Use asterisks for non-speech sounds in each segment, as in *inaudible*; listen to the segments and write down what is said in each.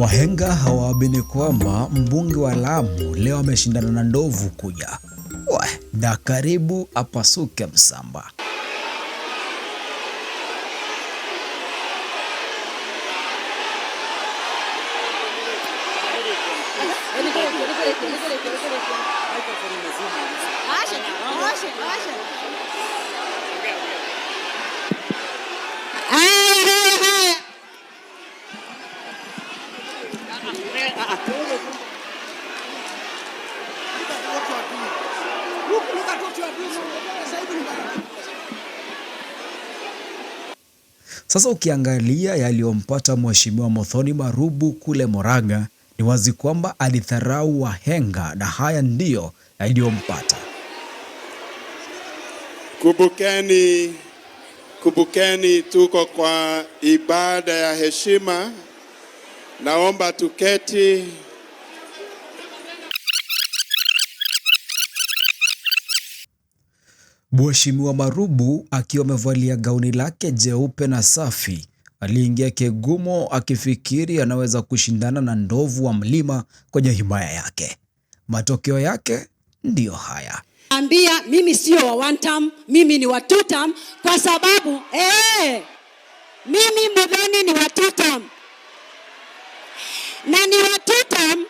Wahenga hawaamini kwamba mbunge wa Lamu leo ameshindana na ndovu kuja na karibu apasuke msamba. Sasa ukiangalia yaliyompata Mheshimiwa mothoni Marubu kule Moraga, ni wazi kwamba alidharau wahenga na haya ndiyo yaliyompata. Kumbukeni, kumbukeni, tuko kwa ibada ya heshima. Naomba tuketi. Mheshimiwa Marubu akiwa amevalia gauni lake jeupe na safi aliingia Kegumo akifikiri anaweza kushindana na ndovu wa mlima kwenye himaya yake. Matokeo yake ndiyo haya. Ambia mimi sio wa one term, mimi ni wa two term kwa sababu ee, mimi Mudhoni ni wa two term na ni wa two term.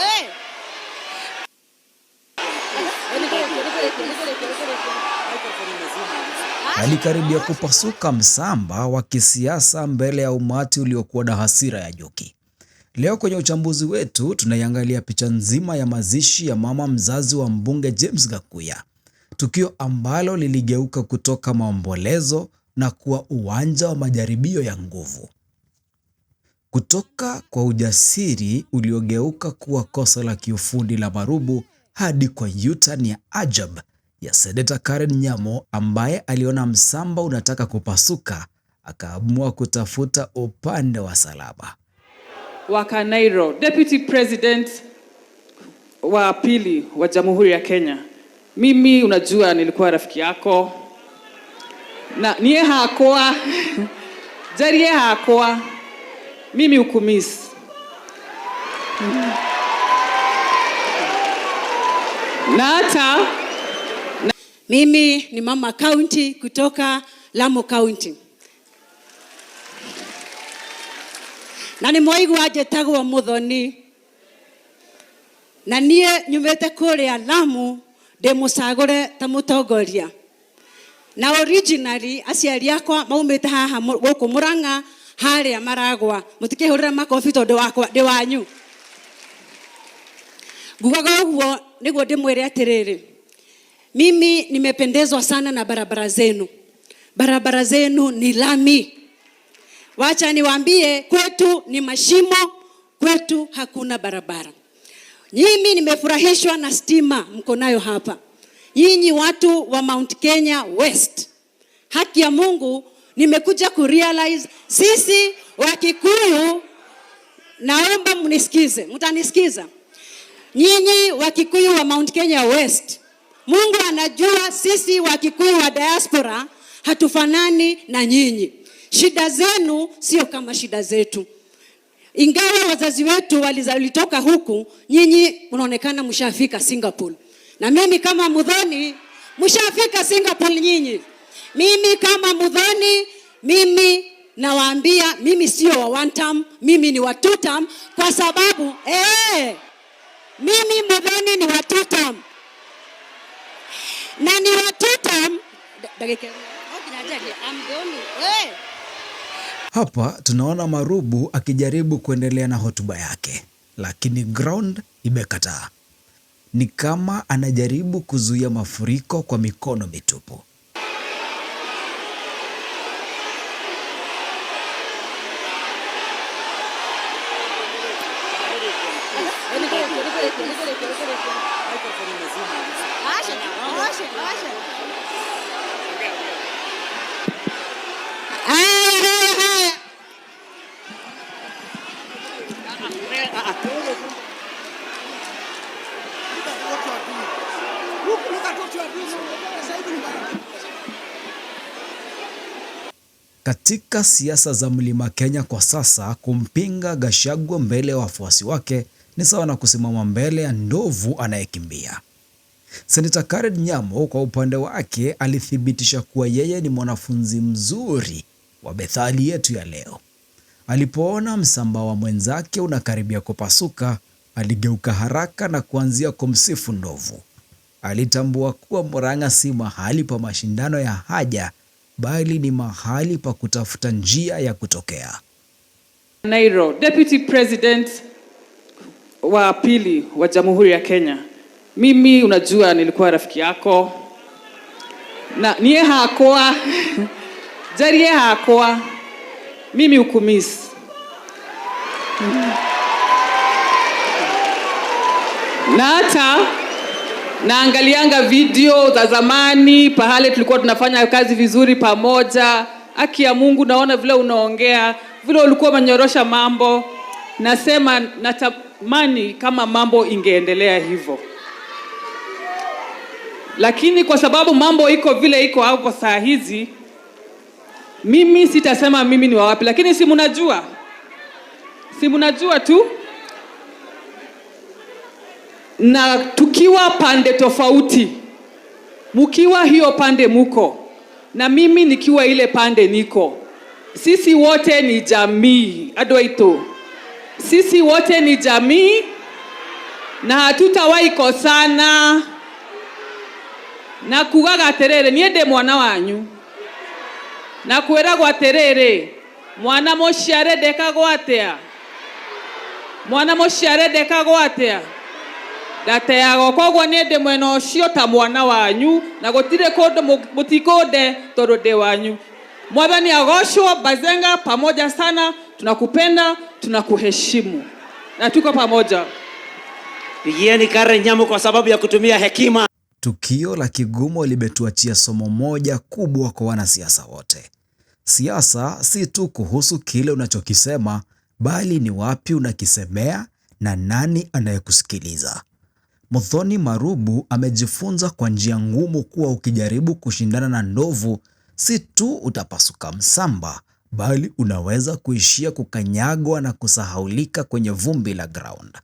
Eh. Alikaribia kupasuka msamba wa kisiasa mbele ya umati uliokuwa na hasira ya Njoki. Leo kwenye uchambuzi wetu tunaiangalia picha nzima ya mazishi ya mama mzazi wa mbunge James Gakuya, tukio ambalo liligeuka kutoka maombolezo na kuwa uwanja wa majaribio ya nguvu, kutoka kwa ujasiri uliogeuka kuwa kosa la kiufundi la marubu hadi kwa yutani ya ajab ya Seneta Karen Nyamo ambaye aliona msamba unataka kupasuka akaamua kutafuta upande wa salaba. wakanairo Deputy President wa pili wa Jamhuri ya Kenya. Mimi unajua nilikuwa rafiki yako na niye hakoa *laughs* jariye hakoa mimi ukumis na hata na... mimi ni mama kaunti kutoka Lamu kaunti na ni mwaigua njetagwo muthoni na nie nyumite kuria Lamu ndi mucagure ta mutongoria na originally aciari akwa maumite haha guku Murang'a haria maragwa mutikihurire makobi tondu wakwa ndi wanyu Ngugaga huo niguo ndimwire atiriri. Mimi nimependezwa sana na barabara zenu. Barabara zenu ni lami. Wacha niwaambie, kwetu ni mashimo, kwetu hakuna barabara. Mimi nimefurahishwa na stima mko nayo hapa. Nyinyi watu wa Mount Kenya West, haki ya Mungu, nimekuja kurealize sisi Wakikuyu, naomba mnisikize, mtanisikiza nyinyi Wakikuyu wa Mount Kenya West, Mungu anajua sisi Wakikuyu wa diaspora hatufanani na nyinyi. Shida zenu sio kama shida zetu. Ingawa wazazi wetu walitoka huku, nyinyi mnaonekana mshafika Singapore, na mimi kama mudhani mshafika Singapore nyinyi. Mimi kama Mudhoni, mimi nawaambia, mimi sio wa one term, mimi ni wa two term, kwa sababu eh, mimi Mudhoni ni watuta na ni watuta Hapa tunaona Marubu akijaribu kuendelea na hotuba yake, lakini ground imekataa. Ni kama anajaribu kuzuia mafuriko kwa mikono mitupu. Acha, acha, acha. Katika siasa za Mlima Kenya kwa sasa, kumpinga Gachagua mbele ya wafuasi wake ni sawa na kusimama mbele ya ndovu anayekimbia. senata kared Nyamo kwa upande wake alithibitisha kuwa yeye ni mwanafunzi mzuri wa Bethali yetu ya leo. Alipoona msamba wa mwenzake unakaribia kupasuka, aligeuka haraka na kuanzia kumsifu ndovu. Alitambua kuwa Murang'a si mahali pa mashindano ya haja, bali ni mahali pa kutafuta njia ya kutokea. Nairo, Deputy President wa pili wa Jamhuri ya Kenya. Mimi unajua nilikuwa rafiki yako na niye hakoa *laughs* jariye hakoa mimi ukumis na hata naangalianga video za zamani pahale tulikuwa tunafanya kazi vizuri pamoja. Haki ya Mungu, naona vile unaongea vile ulikuwa umenyorosha mambo, nasema nata mani kama mambo ingeendelea hivyo, lakini kwa sababu mambo iko vile iko hapo saa hizi, mimi sitasema mimi ni wawapi, lakini si mnajua, si mnajua tu, na tukiwa pande tofauti, mkiwa hiyo pande muko na mimi nikiwa ile pande niko, sisi wote ni jamii adwaito sisi wote ni jamii na hatutawahi kosana na kugaga terere nie mwana wanyu na kwiragwo terere mwana muciare deka atia mwana muciare ndekagwo atia ndateagwo koguo nie ndi mwena ucio ta mwana wanyu na gutire kundu mutikunde tondu ndi wanyu Mwabani Aghosho Bazenga, pamoja sana, tunakupenda, tunakuheshimu na tuko pamoja. Pigieni kare Nyamo kwa sababu ya kutumia hekima. Tukio la Kigumo limetuachia somo moja kubwa kwa wanasiasa wote. Siasa si tu kuhusu kile unachokisema, bali ni wapi unakisemea na nani anayekusikiliza. Muthoni Marubu amejifunza kwa njia ngumu kuwa ukijaribu kushindana na ndovu si tu utapasuka msamba, bali unaweza kuishia kukanyagwa na kusahaulika kwenye vumbi la ground.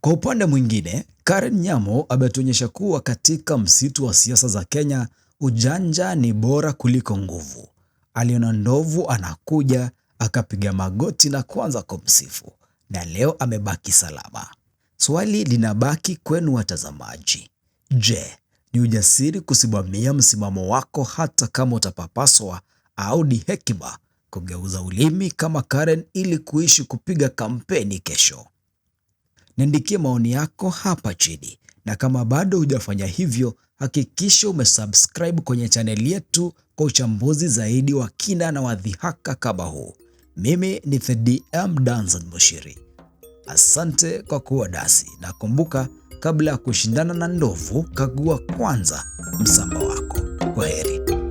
Kwa upande mwingine, Karen Nyamo ametuonyesha kuwa katika msitu wa siasa za Kenya, ujanja ni bora kuliko nguvu. Aliona ndovu anakuja, akapiga magoti na kuanza kumsifu, na leo amebaki salama. Swali linabaki kwenu watazamaji: je, ni ujasiri kusimamia msimamo wako hata kama utapapaswa au ni hekima kugeuza ulimi kama Karen ili kuishi kupiga kampeni kesho. Niandikie maoni yako hapa chini, na kama bado hujafanya hivyo, hakikisha umesubscribe kwenye chaneli yetu kwa uchambuzi zaidi wa kina na wadhihaka kama huu. Mimi ni The DM Danson Mushiri. Asante kwa kuwa dasi, na kumbuka, kabla ya kushindana na ndovu, kagua kwanza msamba wako. Kwa heri.